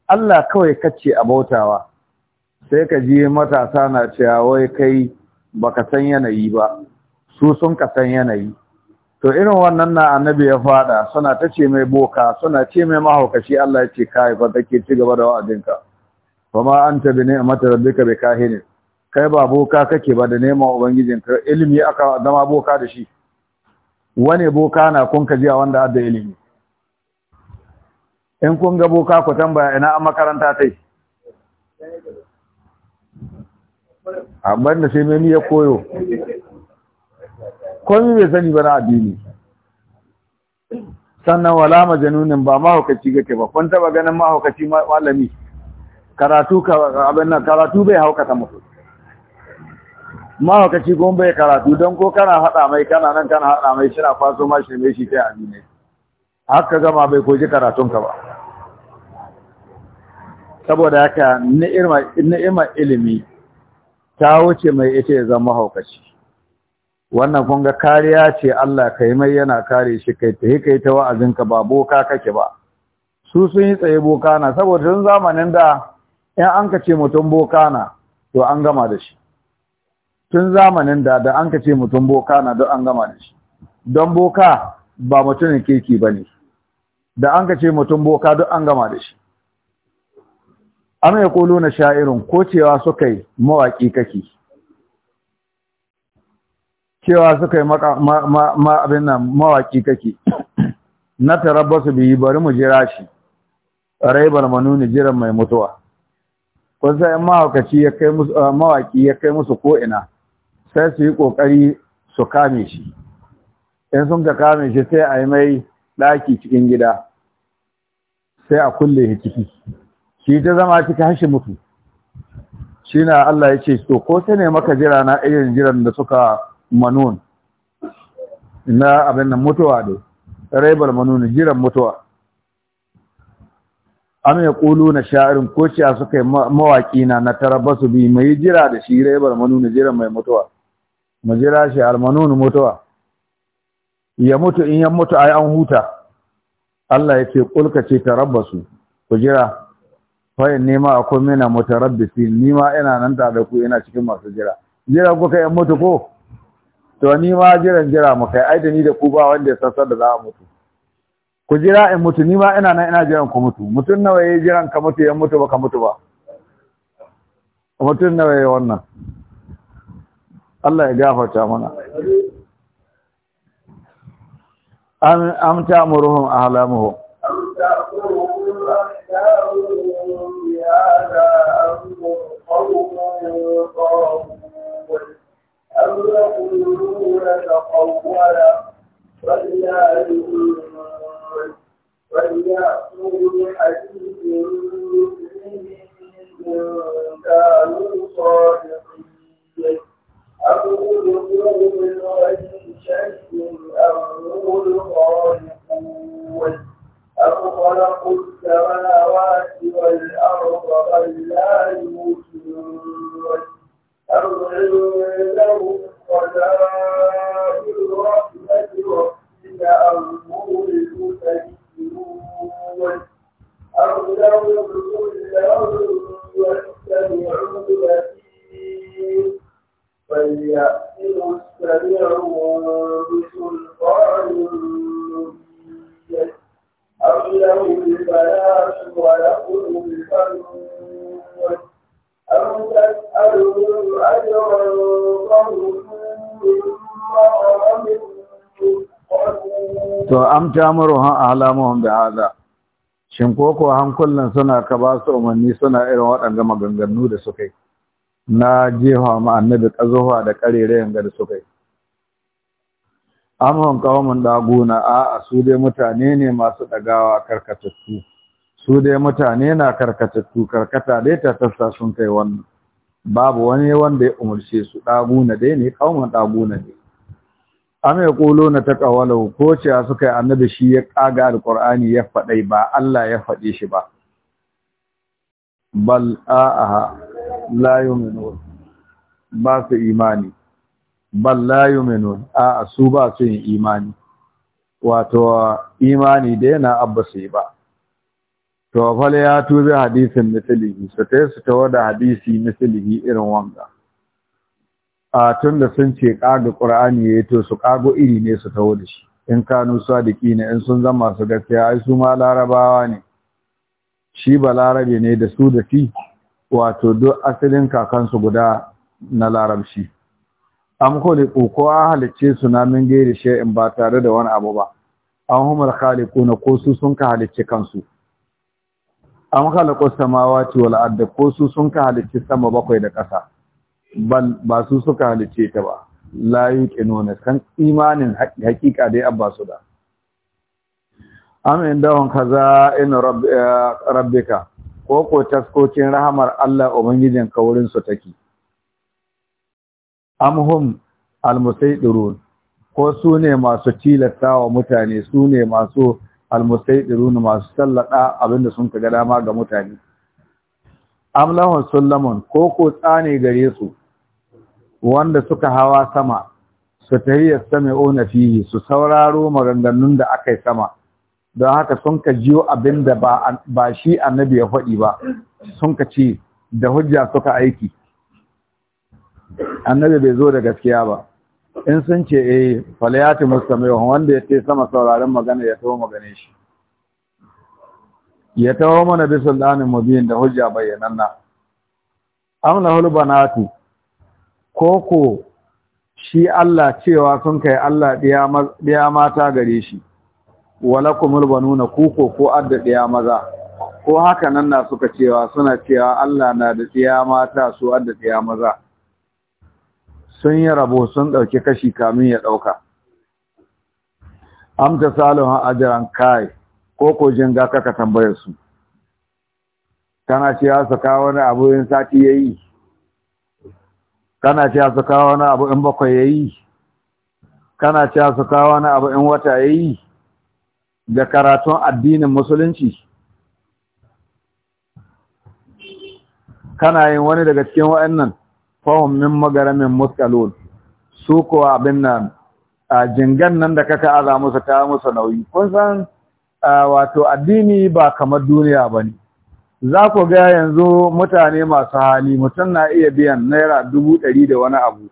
Allah kawai kace a bautawa sai ka ji matasa na cewa wai kai baka san yanayi ba su sun ka san yanayi to irin wannan na annabi ya fada suna ta ce mai boka suna ce mai mahaukaci Allah ya ce kai fa take ci gaba da wa'azinka kuma anta bi ni'mati rabbika bi ne. kai ba boka kake ba da neman ka ilimi aka zama boka da shi wane boka na kun ka a wanda adda ilimi in kun ga boka ku tambaya ina an makaranta ta yi abin da sai mai ya koyo komi bai sani ba na addini sannan wala majanunin ba mahaukaci gake ba kun taba ganin mahaukaci malami karatu ka abin nan karatu bai haukata mutum mahaukaci kuma bai karatu don ko kana haɗa mai kana nan kana haɗa mai shi na faso ma shi mai shi ta yi addini haka gama bai koji karatunka ba saboda haka ni'ima ilimi ta wuce mai ita ya zama haukaci wannan kun ga kariya ce Allah kai mai yana kare shi kai ta kai ta wa'azinka ba boka kake ba su sun yi tsaye boka na saboda tun zamanin da in an ka ce mutum boka na to an gama da shi tun zamanin da da an ka ce mutum boka na don an gama da shi don boka ba mutumin kirki ba ne da an ka ce mutum boka don an gama da shi am ya kulu na sha'irin ko cewa suka yi mawaƙi kake cewa suka yi abin mawaƙi kake na tarabbasu biyi bari mu jira shi raibar manuni jiran mai mutuwa kun sai mawaƙaci ya kai musu eh, mawaki ya kai musu ko'ina, sai su yi ƙoƙari su kame shi in sun ka kame shi sai a yi mai ɗaki cikin gida sai a kulle shi ciki shi ta zama cika hashe mutu shi na Allah ya ce to ko sai ne maka jira na irin jiran da suka manun na abin nan mutuwa ne raibar manun jiran mutuwa an ya ƙulu na sha'irin ko ciya suka yi mawaƙi na na su bi mai jira da shi raibar manun jiran mai mutuwa mu jira shi almanun mutuwa ya mutu in ya mutu ai an huta Allah ya ce kulka ce su, ku jira fa nema akwai mina mutarabbisi ni ma ina nan ta da ku ina cikin masu jira jira ku kai mutu ko to ni ma jiran jira mu kai ai da ni da ku ba wanda ya sassa da za a mutu ku jira in mutu ni ma ina nan ina jiran ku mutu mutun nawa yayi jiran ka mutu ya mutu ba ka mutu ba mutun nawa yayi wannan Allah ya gafarta mana am am ta'muruhum ahlamuhum ahlamuhum قوم طاغون أم يقولون تقوله فليأتوا بحديث مثله إن كانوا صادقين alamuhum da hada shin koko hankulan suna ka ba su umarni suna irin waɗanda maganganu da suka yi na jefa ma annabi kazuwa da ƙarere ga da suka yi amon kawamin daguna a su dai mutane ne masu ɗagawa karkatattu su dai mutane na karkatattu karkata dai ta tassa sun kai wannan babu wani wanda ya umarce su daguna dai ne kawamin daguna ne Ame kulo na ta kawalau ko a suka yi annabi shi ya kaga alƙur'ani ya faɗai ba Allah ya faɗe shi ba bal a'a la yu'minun ba su imani bal la yu'minun a'a su ba su yin imani wato imani da yana abba su yi ba to fal ya tubi hadisin mithlihi su tayi su tawo da hadisi mithlihi irin wanga a tun da sun ce ƙaga ƙura'ani ya yi to su ƙago iri ne su taho da shi in kanu sadiki ne in sun zama su gaskiya ai su ma larabawa ne shi ba larabe ne da su da fi wato duk asalin kakansu guda na larabci An khuliqu ko halicce su na min shi in ba tare da wani abu ba an humar khaliquna ko su sun ka halicce kansu am khalaqu samawati wal ardi ko su sun ka halicce sama bakwai da ƙasa bal ba su suka halice ta ba la yuqinuna kan imanin hakika dai abba su da Amin am kaza in eh, rabbika ko ko taskokin rahamar Allah ubangijin ka wurin su take amhum almusaydirun ko su ne masu tilastawa mutane su ne masu almusaydirun masu sallada abinda sun ka ga dama ga mutane am lahum ko ko tsane gare su wanda suka hawa sama su tahiyya na fihi su sauraro maganganun da aka yi sama don haka sun ka jiyo abin da ba shi annabi ya faɗi ba sun ka ce da hujja suka aiki annabi bai zo da gaskiya ba in sun ce eh falayati mustami'un wanda ya ce sama sauraron magana ya taho magane shi ya taho mana bisul sultanin mubin da hujja bayyananna amna hul koko shi Allah cewa sun kai Allah ɗaya mata gare shi wala walakumul nuna kuko ko adda ɗaya maza ko haka nan na suka cewa suna cewa Allah na da ɗaya mata su adda ɗaya maza sun yi rabo sun ɗauki kashi kamin ya ɗauka amta salihun ajiyar kai ko ko jinga kaka tambayar su Tana cewa su kawo wani abu yin sati ya yi. kana cewa su kawo wani abu in bakwai ya yi kana cewa su kawo wani abu in wata ya yi da karatun addinin musulunci kana yin wani daga cikin wa'annan fahim min magaramin muskalon su kuwa abin nan a jingan nan da kaka aza musu ta musu nauyi kun san wato addini ba kamar duniya ba ne za ku ga yanzu mutane masu hali mutum na iya biyan naira dubu ɗari da wani abu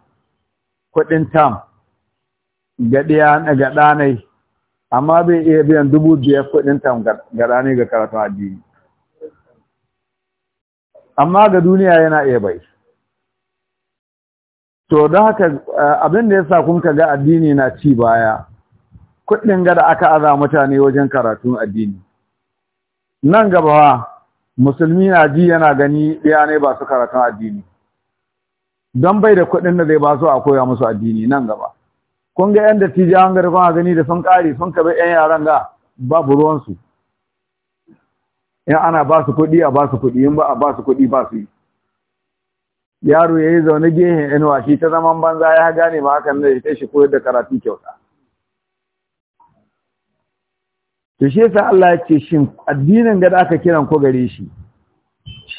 kuɗin tam ga ɗanai amma bai iya biyan dubu biyar kuɗin tam ga ɗanai ga karatu addini amma ga duniya yana iya bai to don haka eh, abin da ya sa kun ga addini na ci baya kuɗin ga da aka aza mutane wajen karatun addini nan gaba musulmi na ji yana gani ɗaya ne ba su karatun addini don bai da kuɗin da zai ba su a koya musu addini nan gaba kun ga 'yan da tije an kuma gani da sun ƙari sun kaɓe 'yan yaran ga babu ruwansu in ana ba su kuɗi a ba su kuɗi in ba a ba su kuɗi ba su yi yaro ya yi zaune gehen inuwa shi ta zaman banza ya gane ma hakan da ya shi koyar da karatu kyauta to shi yasa Allah ya ce shin addinin da aka kiran ku gare shi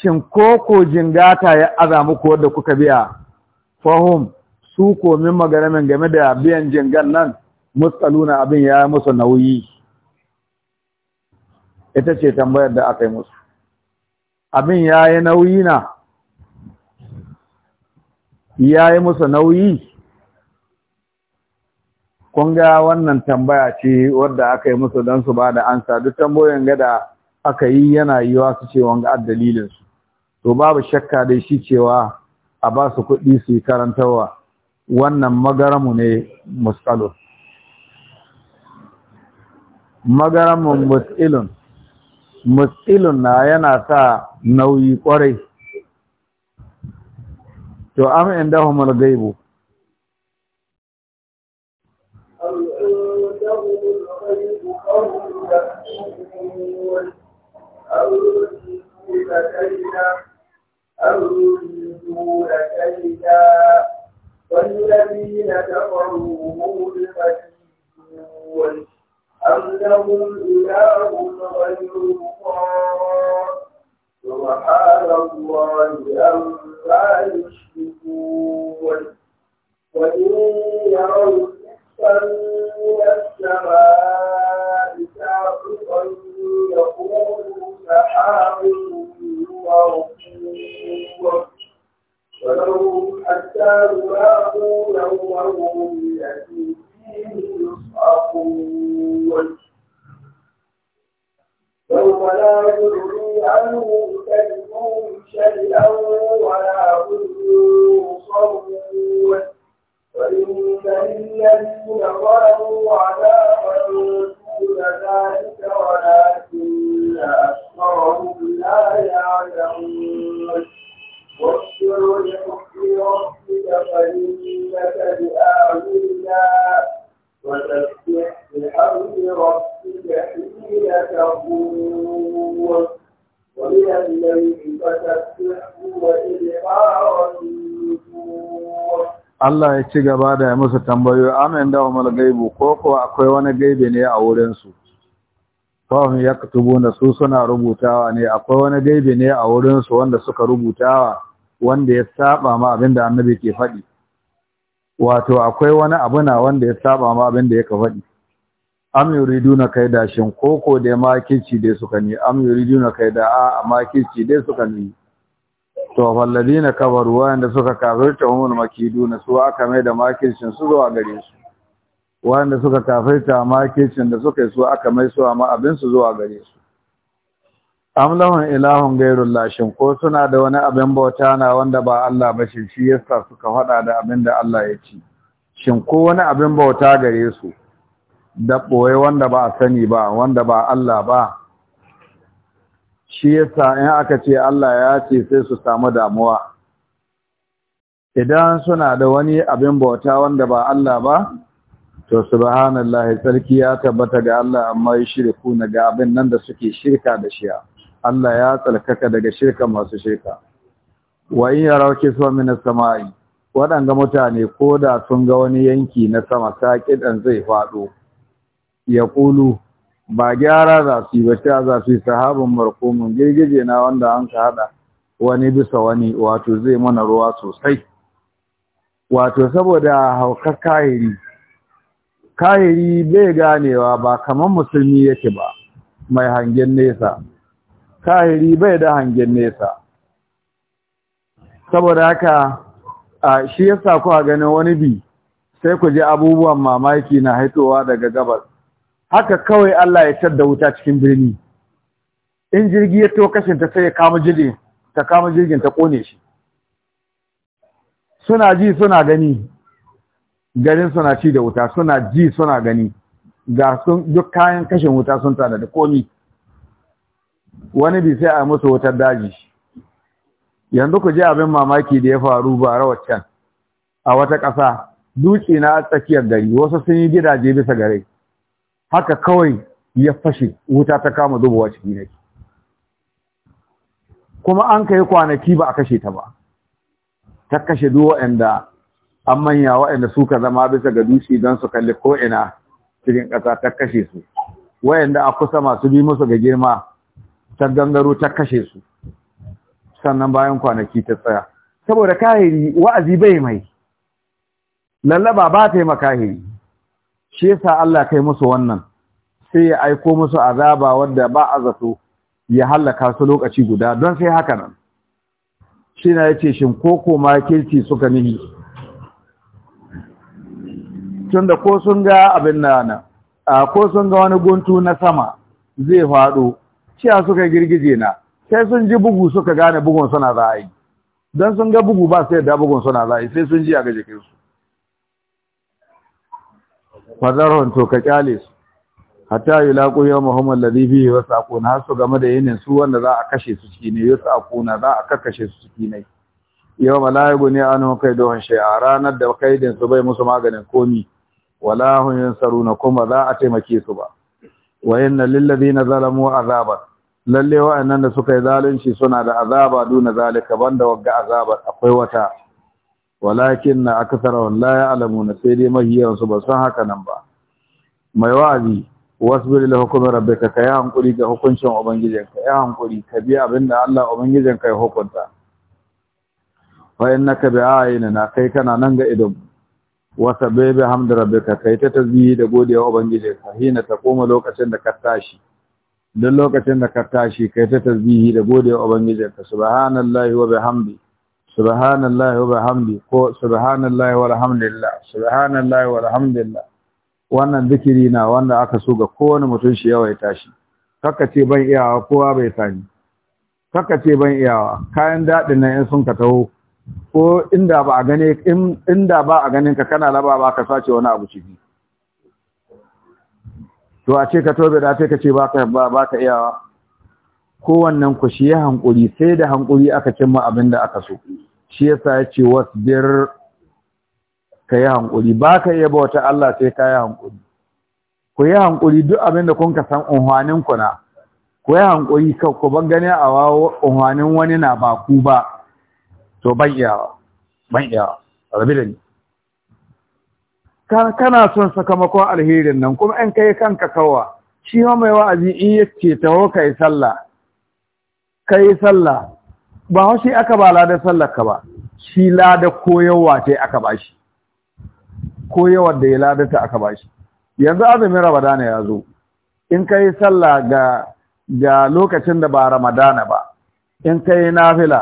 shin ko ko jingata ya aza muku wanda kuka biya fahum su ko min magaramin game da biyan jingan nan mutsaluna abin ya musu nauyi ita ce tambayar da aka yi musu abin ya yi nauyi na ya yi musu nauyi kun ga wannan tambaya ce wadda aka yi musu don su ba da ansa duk tambayoyin gada aka yi yana yiwa su ce wanga dalilin to babu shakka dai shi cewa a ba su kuɗi su yi karantarwa wannan magaramu ne muskalun magaramin muskilun muskilun na yana sa nauyi kwarai to an inda gaibu أم يريدون كيدا والذين كفروا هم الفاسقون أم لهم إله غير الله سبحان الله عما يشركون وإن يروا كسفا من السماء ساقطا يقولوا سحاب Wọ́n lè ṣe ìrìn àwọn ọmọ ìwọ̀n. Allah ya ci gaba da ya musu tambayoyi amin da umar gaibu ko ko akwai wani gaibe ne a wurinsu kawai ya kutubu na su suna rubutawa ne akwai wani gaibe ne a wurinsu wanda suka rubutawa wanda ya saba ma abin da annabi ke faɗi wato akwai wani abu na wanda ya saba ma abin da ya ka faɗi am kai kaida shin koko da makici dai suka ne am kai da a makici dai suka ne to falladina kabaru wanda suka kafirta umul makiduna su aka mai da makircin su zuwa gare su wanda suka kafirta makircin da suka yi su aka mai su amma abin su zuwa gare su am lahum ilahun ghayrullah shin ko suna da wani abin bauta na wanda ba Allah ba shi shi yasa suka faɗa da abin da Allah ya ci shin ko wani abin bauta gare su da boye wanda ba a sani ba wanda ba Allah ba shi yasa in aka ce Allah ya ce sai su samu damuwa idan suna da wani abin bauta wanda ba Allah ba to subhanallah sarki ya tabbata ga Allah amma ya shirku na ga abin nan da suke shirka da shi Allah ya tsalkaka daga shirka masu shirka wa in yaraw kiswa min as-sama'i waɗanga mutane ko da sun ga wani yanki na sama saƙi zai faɗo ya kulu. ba gyara za su yi ba sha za su yi sahabin markomin girgije na wanda an ka hada wani bisa wani wato zai mana ruwa sosai wato saboda haukar kahiri kahiri bai ganewa ba kamar musulmi yake ba mai hangen nesa kahiri bai da hangen nesa saboda haka a shi yasa kuwa ganin wani bi sai ku ji abubuwan mamaki na haitowa daga gabas haka kawai Allah ya tar wuta cikin birni in jirgi ya to kashin ta sai ya kama jirgin ta kama jirgin ta kone shi suna ji suna gani garin suna ci da wuta suna ji suna gani ga sun duk kayan kashin wuta sun tana da komi wani bi sai a musu wutar daji yanzu ku ji abin mamaki da ya faru ba rawar can a wata ƙasa dutse na tsakiyar gari wasu sun yi gidaje bisa gare haka kawai ya fashe wuta ta kama zubowa ciki nake kuma an kai kwanaki ba a kashe ta ba ta kashe duk waɗanda an manya waɗanda suka zama bisa ga dushi don su kalli ko'ina cikin ƙasa ta kashe su waɗanda a kusa masu bi musu ga girma ta gangaro ta kashe su sannan bayan kwanaki ta tsaya saboda kahiri wa'azi bai mai lallaba ba ta yi makahiri shi yasa Allah kai musu wannan sai ya aiko musu azaba wanda ba a zato ya hallaka su lokaci guda don sai haka nan shi na yace shin koko ma kirki suka nihi tunda ko sun ga abin nan ko sun ga wani guntu na sama zai faɗo a suka girgije na sai sun ji bugu suka gane bugun suna za a don sun ga bugu ba sai da bugun suna za sai sun ji a su. fadarhun to ka kyale su hatta yulaqu yawmahum alladhi fihi yasaquna na game da yinin su wanda za a kashe su ciki ne na za a kakkashe su ciki ne a la kai, anhu kaiduhum A ranar da kaidin su bai musu maganin komi wala hum yansaruna kuma za a taimake su ba wa inna lil ladina zalamu azaban lalle wa'annan da suka yi zalunci suna da azaba duna zalika banda wagga azabar akwai wata walakin na akasara la na sai dai mahiyarsu su ba sun haka nan ba mai wa'azi wasu biri da hukmi rabbika ka ya hankuri ga hukuncin ubangijinka ya hankuri ka abin abinda Allah ka ya hukunta fa ka bi na kai kana nan ga idon wasa bebe hamdu ka kai ta tasbihi da godiya ubangijinka hina ta koma lokacin da ka tashi duk lokacin da ka tashi kai ta tasbihi da godiya ubangijinka subhanallahi wa bihamdi سبحان wa bihamdi ko سبحان الله والحمد لله wannan zikiri na wanda aka so ga kowane mutum shi yawa ya tashi kaka ce ban iyawa kowa bai sani kaka ce ban iyawa kayan daɗin nan in sun ka taho ko inda ba a gane inda ba a ganin ka kana laba ba ka sace wani abu ciki to a ce ka tobe da ce ka ce ba ka iyawa kowannen ku shi hankuri sai da hankuri aka cimma abin da aka so shi yasa ya ce wasbir ka yi hankuri ba ka yaba wata Allah sai ka yi hankuri ku yi hankuri duk abin da kun ka san unhwanin ku na ku yi hankuri ka ku ban gane a unhwanin wani na ba ku ba to ban iyawa ban iyawa rabi da ni kana son sakamakon alherin nan kuma in kai kanka kawa shi ma mai wa'azi in yace taho kai sallah ka yi sallah ba haushi aka ba ladar sallarka ba shi lada koyarwa ce aka ba shi da ya ladata aka ba shi yanzu azumin ramadana ya zo in ka yi sallah ga lokacin da ba ramadana ba in ka yi nafila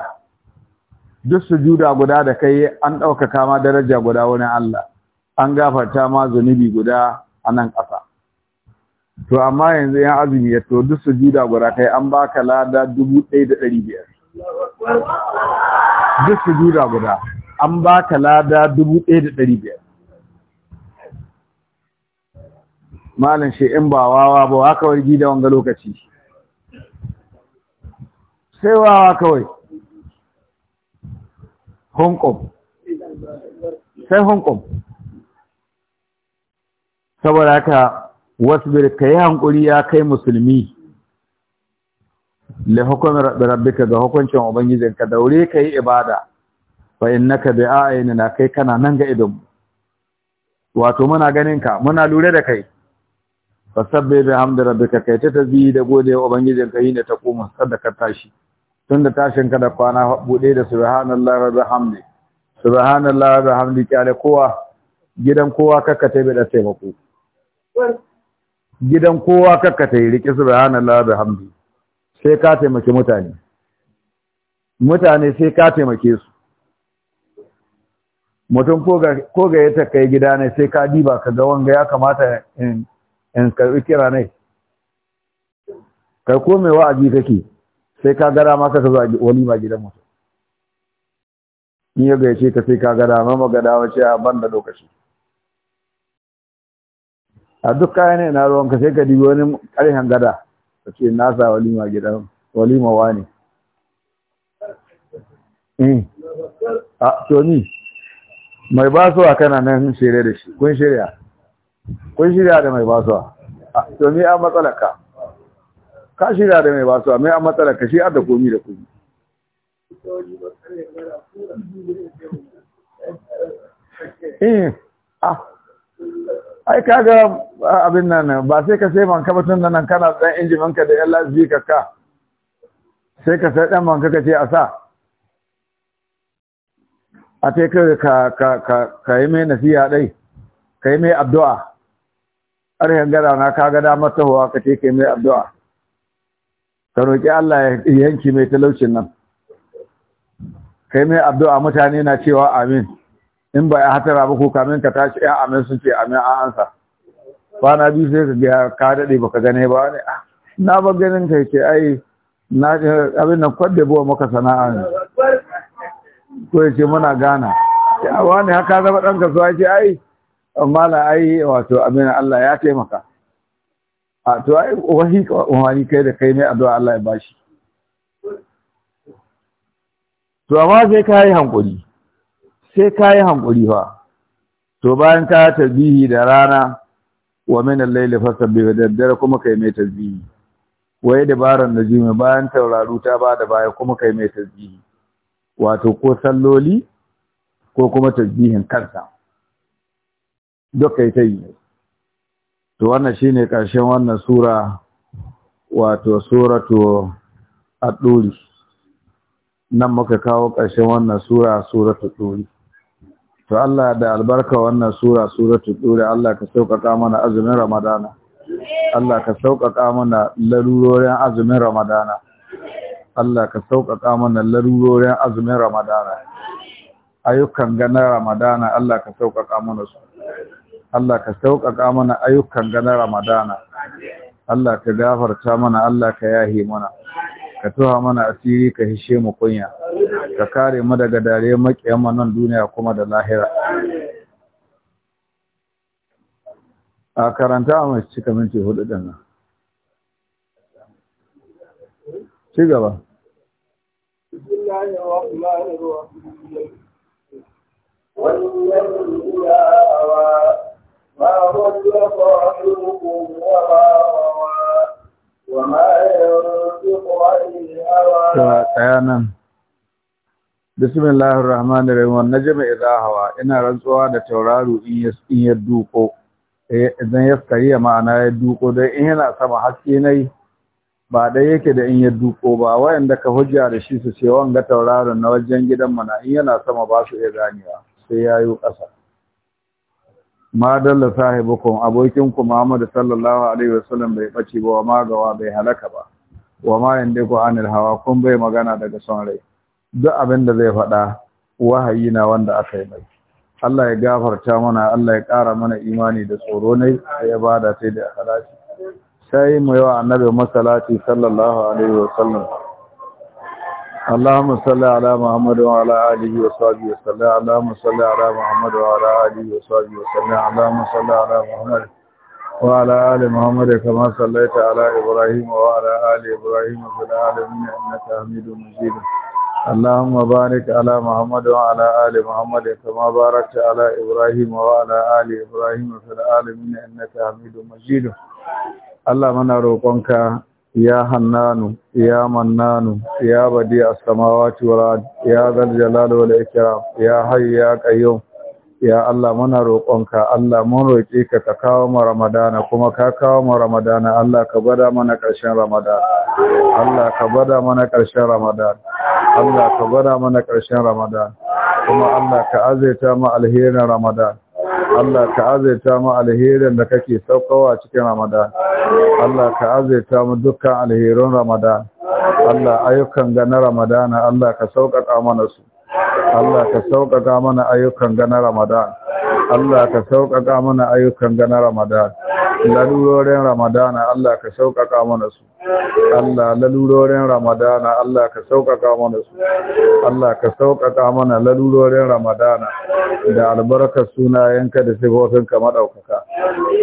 duk su sujuda guda da ka yi an ɗaukaka ma daraja guda wani Allah an gafarta ma zunubi guda a nan ƙasa to amma yanzu yan azumi ya to duk juda guda kai an baka lada 1500 duk su juda guda an baka lada 1500 malam shi in ba wawa ba haka wargi da wanga lokaci sai wawa kawai Kong, sai Kong saboda haka wasbir ka yi hankuri ya kai musulmi le hukumar rabbika ga hukuncin ubangijinka daure ka yi ibada fa innaka bi a'yinina kai kana nan ga idon wato muna ganin ka muna lura da kai sabbi bi hamdi rabbika kai ta tazi da gode wa ubangijinka yi ne ta koma sadaka tashi tunda tashin ka da kwana bude da subhanallahi wa hamdi subhanallahi wa hamdi kyale kowa gidan kowa kakkata bi da taimako gidan kowa kakka ta yi riƙe subhanallah da hamdi sai ka taimaki mutane mutane sai ka taimake su mutum ko ga ya takai gida ne sai ka diba ka ga wanga ya kamata in karɓi kira ne kai ko mai wa'azi kake sai ka gara ma ka zuwa ma gidan mutum in ya ce ka sai ka gara ma magada wace a banda lokaci a duk kayan ne na ruwanka sai ka dibi wani ƙarhen gada ta ce nasa walima gidan walima wa ne eh. a toni mai basuwa kana nan shirya da shi kun shirya kun shirya da mai basuwa A me a matsalaka ka shirya da mai basuwa me a matsalaka shi da komi da komi eh ah ai kaga abin nan ba sai ka sai man kabatun nan kana dan injimin ka da yan lasbi ka ka sai ka sai dan man ka ce a sa a te ka ka ka ka yi mai nasiha dai ka yi mai addu'a arhin gara na kaga damar tahowa ka te ka yi mai addu'a ka roƙi Allah ya yanki mai talaucin nan kai mai addu'a mutane na cewa amin in ba ya hatara ba ko kamin ka tashi ya amin sun ce amin an ansa kwana biyu sai ka ga ka daɗe baka gane ba wani ah, na ba ganin kai ce ai na abin nan kwadda buwa maka sana'a ne ko ya ce muna gana ya wani haka zama ɗan kasuwa ce ai amma la ai wato abin Allah ya taimaka a to ai wani wani kai da kai a addu'a Allah ya bashi to amma sai ka yi sai ka yi hankuri fa to bayan ka tarbihi da rana wa min al-layli fasabbih da daddare kuma kai mai Wai waye dabaran najimi bayan tauraru ta ba da baya kuma kai mai tarbihi wato ko salloli ko kuma tasbihin kansa duk kai ta to wannan shine karshen wannan sura wato suratu ad-duri nan muka kawo karshen wannan sura suratu ad-duri to Allah da albarka wannan sura suratul dure Allah ka sauƙaƙa mana azumin ramadana Allah ka sauƙaƙa mana larurorin azumin ramadana Allah ka sauƙaƙa mana larurorin azumin ramadana ayyukan ganin ramadana Allah ka sauƙaƙa mana su Allah ka sauƙaƙa mana ayyukan ganin ramadana Allah ka gafarta mana Allah ka yahi mana ka tuha mana asiri ka hishe mu kunya ka kare mu daga dare makiyan mu nan duniya kuma da lahira a karanta a mai cika minti hudu din nan ci gaba والذي إذا أوى ما ضل صاحبكم wa tsayanan bismillahir rahmanir rahim wan najmi idha hawa ina rantsuwa da tauraro in ya duko idan ya kariya ma'ana ya duko dan in yana sama haske nai ba ɗaya yake da in ya duko ba wayanda ka hujja da shi su ce wanga tauraron na wajen gidan mana in yana sama ba su iya ganewa sai yayo ƙasa ma dalla sahibukum abokin ku Muhammad sallallahu alaihi wasallam bai bace ba wa magawa bai halaka ba wa ma yandiku anil hawa kun bai magana daga son rai duk abin da zai faɗa wahayi na wanda aka yi mai Allah ya gafarta mana Allah ya ƙara mana imani da tsoro ne ya bada sai da halaki sai mu yi wa annabi masalati sallallahu alaihi wasallam اللهم صل على محمد وعلى اله وصحبه وسلم اللهم صل على محمد وعلى اله وصحبه وسلم اللهم صل على محمد وعلى ال محمد كما صليت على ابراهيم وعلى ال ابراهيم في العالمين انك حميد مجيد اللهم بارك على محمد وعلى ال محمد كما باركت على ابراهيم وعلى ال ابراهيم في العالمين انك حميد مجيد اللهم انا روقك Ya hannanu, ya منان ya بديع a والارض يا ذا الجلال والاكرام يا حي يا قيوم ya Allah muna roƙonka Allah mun roƙi ka ka kawo mu Ramadana kuma ka kawo mu Ramadana Allah ka bada mana ƙarshen Ramadan. Allah ka bada mana ƙarshen Ramadan. Allah ka bada mana ƙarshen Ramadan. kuma Allah ka azaita mu alherin Ramadan. Allah ka azaita mu alherin da kake saukowa cikin Ramadan Allah ka azaita mu dukkan alherin Ramadan Allah ayyukan ga na Ramadan Allah ka sauƙaƙa mana su Allah ka sauƙaƙa mana ayyukan gana Ramadan Allah ka sauƙaƙa mana ayyukan gana Ramadan lalurorin Ramadana Allah ka sauƙaƙa mana su Allah lalurorin Ramadana Allah ka sauƙaƙa mana su Allah ka sauƙaƙa mana lalurorin Ramadana da albarkar sunayenka da sifofinka madaukaka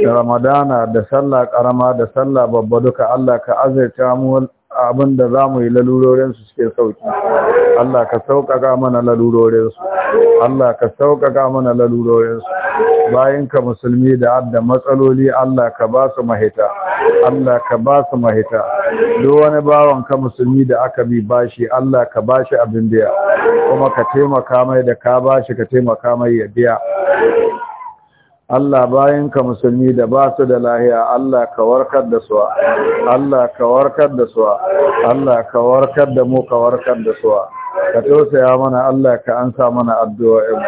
da Ramadana da sallah karama da sallah babba duka Allah ka azurta mu abin da za mu yi lalurorinsu suke sauki Allah ka sauƙaƙa mana lalurorinsu Allah ka sauƙaƙa mana lalurorinsu bayan ka musulmi da adda matsaloli Allah ka ba su mahita Allah ka ba su mahita duk wani bawan ka musulmi da aka bi bashi Allah ka bashi abin biya kuma ka taimaka mai da ka bashi ka taimaka mai ya biya Allah bayan ka musulmi da ba su da lahiya Allah ka warkar da su Allah ka warkar da su Allah ka warkar da mu ka warkar da su ka tausaya mana Allah ka ansa mana addu'o'in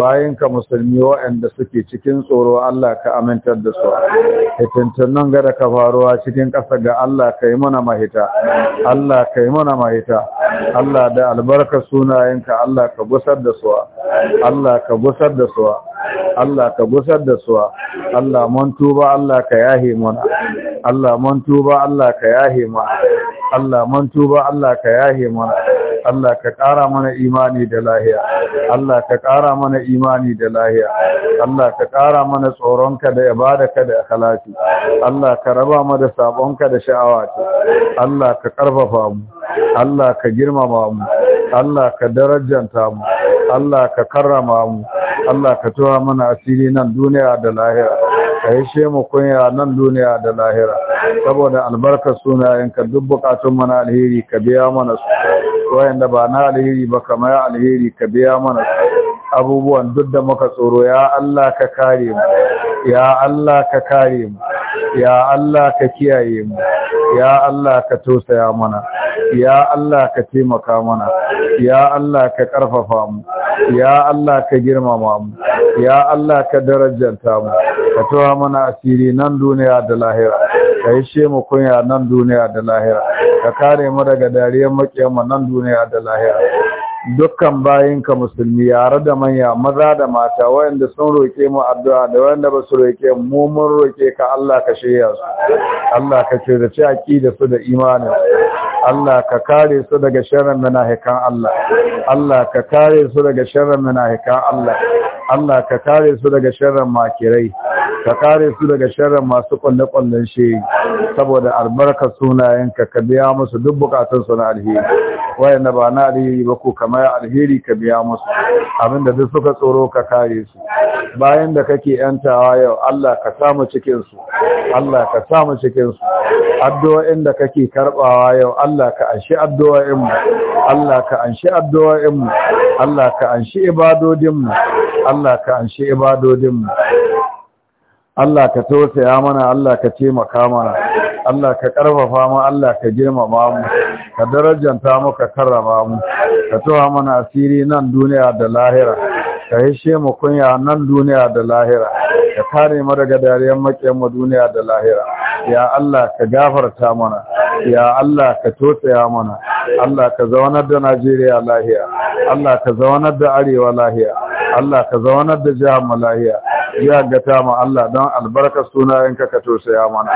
bayan ka musulmi waɗanda suke cikin tsoro Allah ka amintar da su nan ga da ka faruwa cikin ƙasa ga Allah ka yi mana mahita Allah ka yi mana mahita Allah da albarka sunayenka Allah ka gusar da su Allah ka gusar da su Allah ka gusar da suwa Allah mun tuba Allah ka yahe mana Allah mun tuba Allah ka yahe mana Allah mun tuba Allah ka yahe mana Allah ka ƙara mana imani da lahiya Allah ka ƙara mana imani da lahiya Allah ka ƙara mana tsoronka da ibadarka da akhlaki Allah ka raba mu da sabonka da sha'awati Allah ka ƙarfafa mu Allah ka girmama mu Allah ka darajanta mu Allah ka karrama mu Allah ka tura ba mana asiri nan duniya da lahira ka shi mu kunya nan duniya da lahira saboda albarkar sunayenka duk bukatun mana alheri ka biya mana su wayanda ba na alheri ba kama ya alheri ka biya mana su abubuwan duk da muka tsoro ya Allah ka kare mu ya Allah ka kare mu ya Allah ka kiyaye mu ya Allah ka tausaya mana ya Allah ka taimaka mana ya Allah ka karfafa mu ya Allah ka girmama mu ya Allah ka darajanta mu ka tawa mana asiri nan duniya da lahira ka yishe mu kunya nan duniya da lahira ka kare mu daga dariyar makiyan mu nan duniya da lahira dukkan bayinka musulmi yare da manya maza da mata wayanda sun roke mu addu'a da wayanda ba su roke mu mun roke ka Allah ka shirya su Allah ka ce da ci aqida su da imanin Allah ka kare su daga sharrin munafikan Allah Allah ka kare su daga sharrin munafikan Allah Allah ka kare su daga sharrin makirai ka kare su daga sharrin masu kwalle kullun shi saboda albarka sunayenka ka biya musu duk bukatun su na alheri wayanda ba na alheri ba ko malamai alheri ka biya musu abinda duk suka tsoro ka kare su bayan da kake yantawa yau Allah ka samu cikin su Allah ka samu cikin su addu'o'in da kake karbawa yau Allah ka anshi addu'o'in mu Allah ka anshi addu'o'in mu Allah ka anshi ibadodin Allah ka anshi ibadodin Allah ka tausaya mana Allah ka taimaka mana Allah ka karfafa mu Allah ka girmama mu ka darajanta mu ka karrama mu ka tawa mana asiri nan duniya da lahira ka hishe mu kunya nan duniya da lahira ka kare mu daga dariyar makiyan mu duniya da lahira ya Allah ka gafarta mana ya Allah ka tausaya mana Allah ka zaunar da Najeriya lahiya Allah ka zaunar da Arewa lahiya Allah ka zaunar da jihar mu lahiya ya gata ma Allah don albarkar sunayenka ka tausaya mana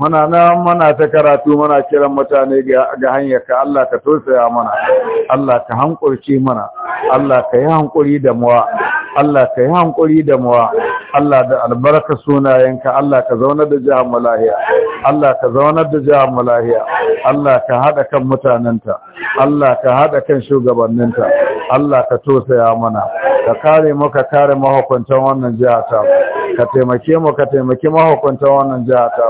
muna nan muna ta karatu muna kiran mutane ga hanyar ka Allah ka tausaya mana Allah ka hankurci mana Allah ka yi hankuri da muwa Allah ka yi hankuri da muwa Allah da albarka sunayenka Allah ka zaunar da jihar malahiya Allah ka zaunar da jihar malahiya Allah ka hada kan mutanenta Allah ka hada kan shugabanninta Allah ka tosaya mana ka kare mu ka kare mahukuntan wannan jiha ta ka taimake mu ka taimaki mahukuntan wannan jiha ta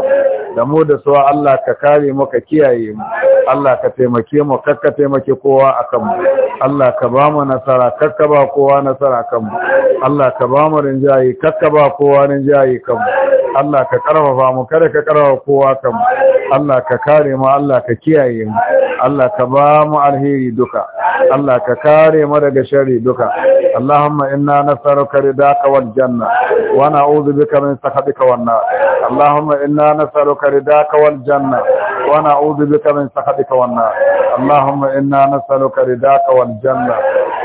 da mu da suwa Allah ka kare mu ka kiyaye mu Allah ka taimake mu kar ka taimake kowa akan mu Allah ka ba mu nasara kar ka ba kowa nasara kan mu Allah ka ba mu rinjaye kar ka ba kowa nan jayi kanmu Allah ka karfafa mu kada ka karfafa kowa kanmu Allah ka kare mu Allah ka kiyaye mu Allah ka ba mu alheri duka Allah ka kare mu daga sharri duka Allahumma inna nas'aluka ridaka wal janna wa na'udhu bika min sakhatika wan nar Allahumma inna nas'aluka ridaka wal janna wa na'udhu bika min sakhatika wan nar Allahumma inna nas'aluka ridaka wal janna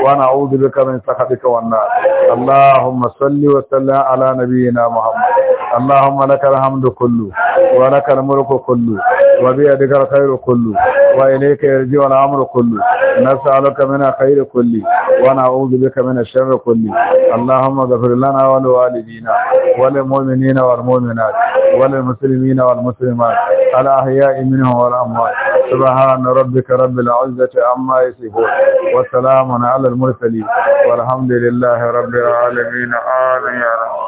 wa na'udhu bika min sakhatika wan nar Allahumma salli wa sallim على نبينا محمد اللهم لك الحمد كله ولك الملك كله وبيدك الخير كله وإليك يرجع الأمر كله نسألك من خير كله ونعوذ بك من الشر كله اللهم اغفر لنا ولوالدينا وللمؤمنين والمؤمنات وللمسلمين والمسلمات الأحياء منهم والأموات سبحان ربك رب العزة عما يصفون وسلام على المرسلين والحمد لله رب العالمين آمين يا رب